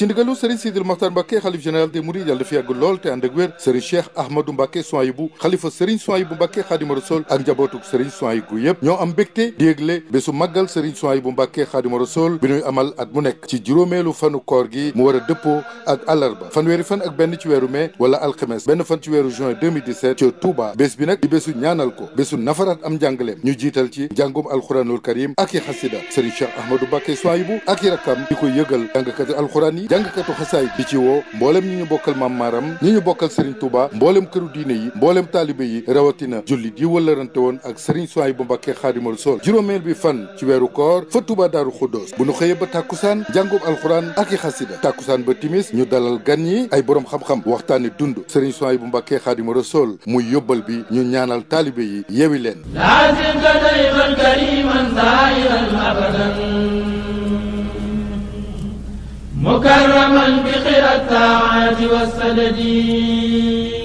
ci ndigalu Serigne Sidil Maxtar Mbacke xalif général des Mourides yàlla dafa yàgg lool te ànd ak wér Serigne Cheikh Ahmadou Mbacke Souhaïbou xalifa Serigne Souhaïbou Mbacke Xaadimu Rasuul ak njabootuk Serigne Souhaïbou yëpp ñoo am mbégte di yëgle bésu màggal Serigne Souhaïbou Mbacke Xaadimu Rasuul bi ñuy amal at mu nekk ci juróomeelu fanu koor gi mu war a dëppoo ak àllarba fanweeri fan ak benn ci weeru mai wala alxemes benn fan ci weeru juin 2017 ci Touba bés bi nag di ñu jiital ci njàngum alxuraanul karim ak i xasida Serigne Cheikh Ahmadou Mbacke Souhaïbou ak i rakam yi jàngkatu xasaay di ci woo mboolem ñi ñu bokkal maam maaram ñi ñu bokkal Serigne Touba mboolem këru diine yi mboolem taalibe yi rawatina jullit yi wëllarante woon ak Serigne Souhaïbou Mbacké Khadimul Sol juróomeel bi fan ci weeru koor fa Touba Daaru Xuddoos bu nu xëyee ba tàkkusaan jàngub alxuraan ak i xasida tàkkusaan ba timis ñu dalal gan yi ay borom xam-xam waxtaani dund Serigne Souhaïbou Mbacké Khadimul Sol muy yóbbal bi ñu ñaanal taalibe yi yewi مكرما بخير الطاعات والسدد